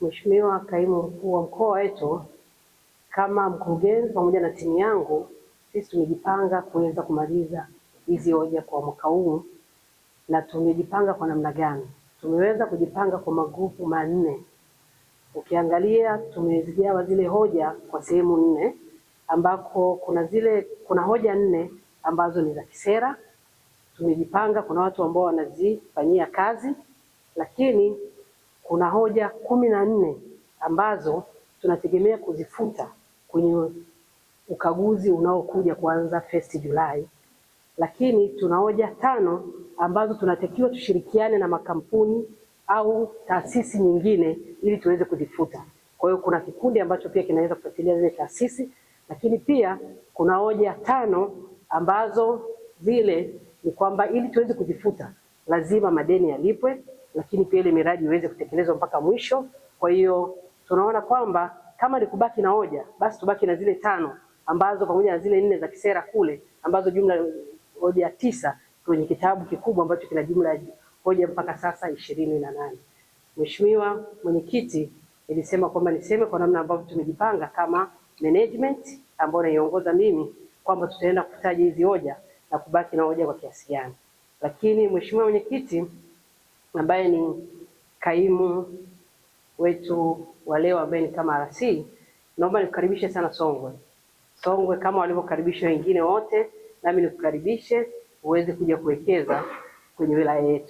Mheshimiwa Kaimu Mkuu wa Mkoa wetu, kama mkurugenzi pamoja na timu yangu, sisi tumejipanga kuweza kumaliza hizi hoja kwa mwaka huu, na tumejipanga kwa namna gani? Tumeweza kujipanga kwa magrupu manne. Ukiangalia tumezigawa zile hoja kwa sehemu nne, ambako kuna zile kuna hoja nne ambazo ni za kisera. Tumejipanga, kuna watu ambao wanazifanyia kazi, lakini kuna hoja kumi na nne ambazo tunategemea kuzifuta kwenye ukaguzi unaokuja kuanza first Julai, lakini tuna hoja tano ambazo tunatakiwa tushirikiane na makampuni au taasisi nyingine ili tuweze kuzifuta. Kwa hiyo kuna kikundi ambacho pia kinaweza kufuatilia zile taasisi, lakini pia kuna hoja tano ambazo zile ni kwamba ili tuweze kuzifuta lazima madeni yalipwe lakini pia ile miradi iweze kutekelezwa mpaka mwisho. Kwa hiyo tunaona kwamba kama ni kubaki na hoja, basi tubaki na zile tano ambazo pamoja na zile nne za kisera kule ambazo jumla hoja tisa kwenye kitabu kikubwa ambacho kina jumla ya hoja mpaka sasa ishirini na nane. Mheshimiwa Mwenyekiti, nilisema kwamba niseme kwa namna ambavyo tumejipanga kama management ambayo naiongoza mimi kwamba tutaenda kutaja hizi hoja na kubaki na hoja kwa kiasi gani, lakini Mheshimiwa Mwenyekiti ambaye ni kaimu wetu wa leo ambaye ni kama RC, naomba nikukaribishe sana Songwe. Songwe kama walivyokaribisha wengine wote, nami nikukaribishe uweze kuja kuwekeza kwenye wilaya yetu.